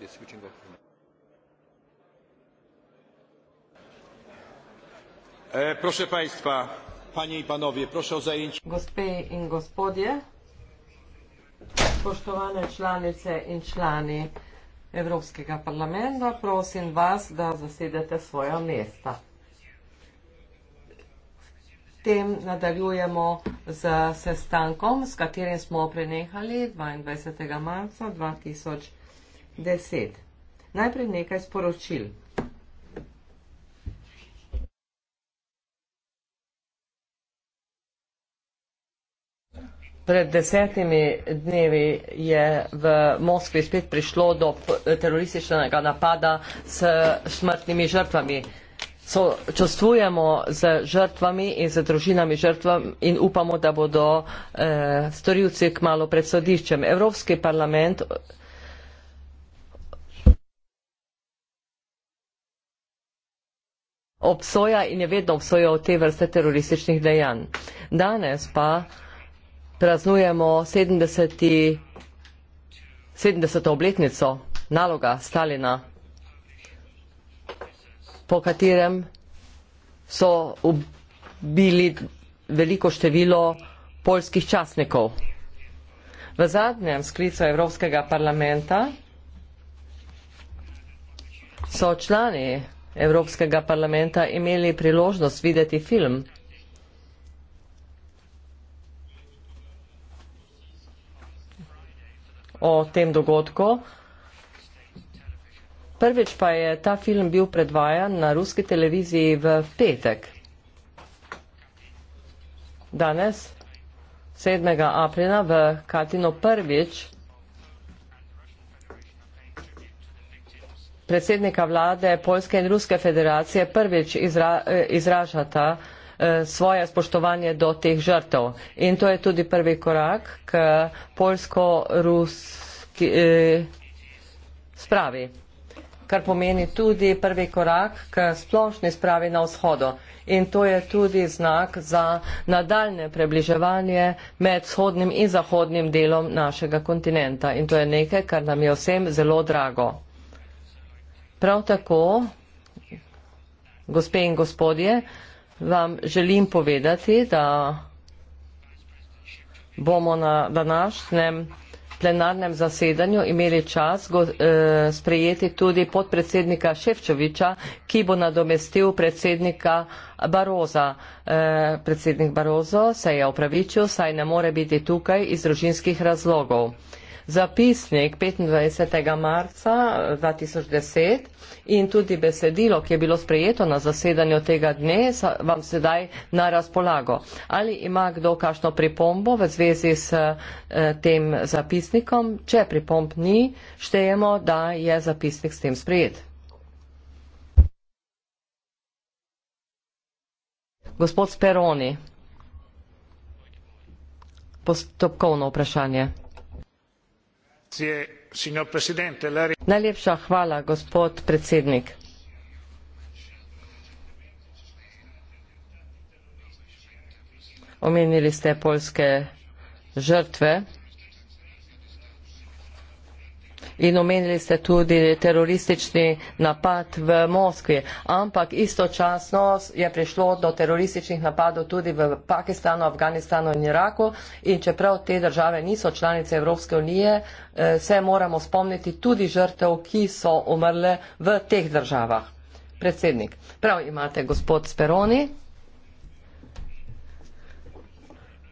the switching off. E, proszę Państwa, Panie i Panowie, proszę o zajęcie. Gospe in gospodje, poštovane članice in člani Evropskega parlamenta, prosim vas, da zasedete svoja mesta. Tem nadaljujemo z sestankom, s katerim smo prenehali 22. marca 2020. 10. Najprej nekaj sporočil. Pred desetimi dnevi je v Moskvi spet prišlo do terorističnega napada s smrtnimi žrtvami. So, čustvujemo z žrtvami in z družinami žrtvam in upamo, da bodo eh, storilci kmalo pred sodiščem. Evropski parlament obsoja in je vedno obsojal te vrste terorističnih dejanj. Danes pa praznujemo 70. 70. obletnico naloga Stalina, po katerem so ubili veliko število polskih časnikov. V zadnjem sklicu Evropskega parlamenta so člani Evropskega parlamenta imeli priložnost videti film? o tem dogodku. Prvič pa je ta film bil predvajan na ruski televiziji v petek. Danes, 7. aprila, v Katino prvič predsednika vlade Poljske in Ruske federacije prvič izra, eh, izražata eh, svoje spoštovanje do teh žrtev. In to je tudi prvi korak k poljsko-ruski eh, spravi, kar pomeni tudi prvi korak k splošni spravi na vzhodu. In to je tudi znak za nadaljne približevanje med vzhodnim in zahodnim delom našega kontinenta. In to je nekaj, kar nam je vsem zelo drago. Prav tako, gospe in gospodje, vam želim povedati, da bomo na današnjem plenarnem zasedanju imeli čas go, e, sprejeti tudi podpredsednika Ševčoviča, ki bo nadomestil predsednika Baroza. E, predsednik Barozo se je opravičil, saj ne more biti tukaj iz družinskih razlogov zapisnik 25. marca 2010 in tudi besedilo, ki je bilo sprejeto na zasedanju tega dne, vam sedaj na razpolago. Ali ima kdo kakšno pripombo v zvezi s eh, tem zapisnikom? Če pripomb ni, štejemo, da je zapisnik s tem sprejet. Gospod Speroni, postopkovno vprašanje. Najlepša hvala, gospod predsednik. Omenili ste polske žrtve in omenili ste tudi teroristični napad v Moskvi, ampak istočasno je prišlo do terorističnih napadov tudi v Pakistanu, Afganistanu in Iraku in čeprav te države niso članice Evropske unije, eh, se moramo spomniti tudi žrtev, ki so umrle v teh državah. Predsednik, prav imate gospod Speroni.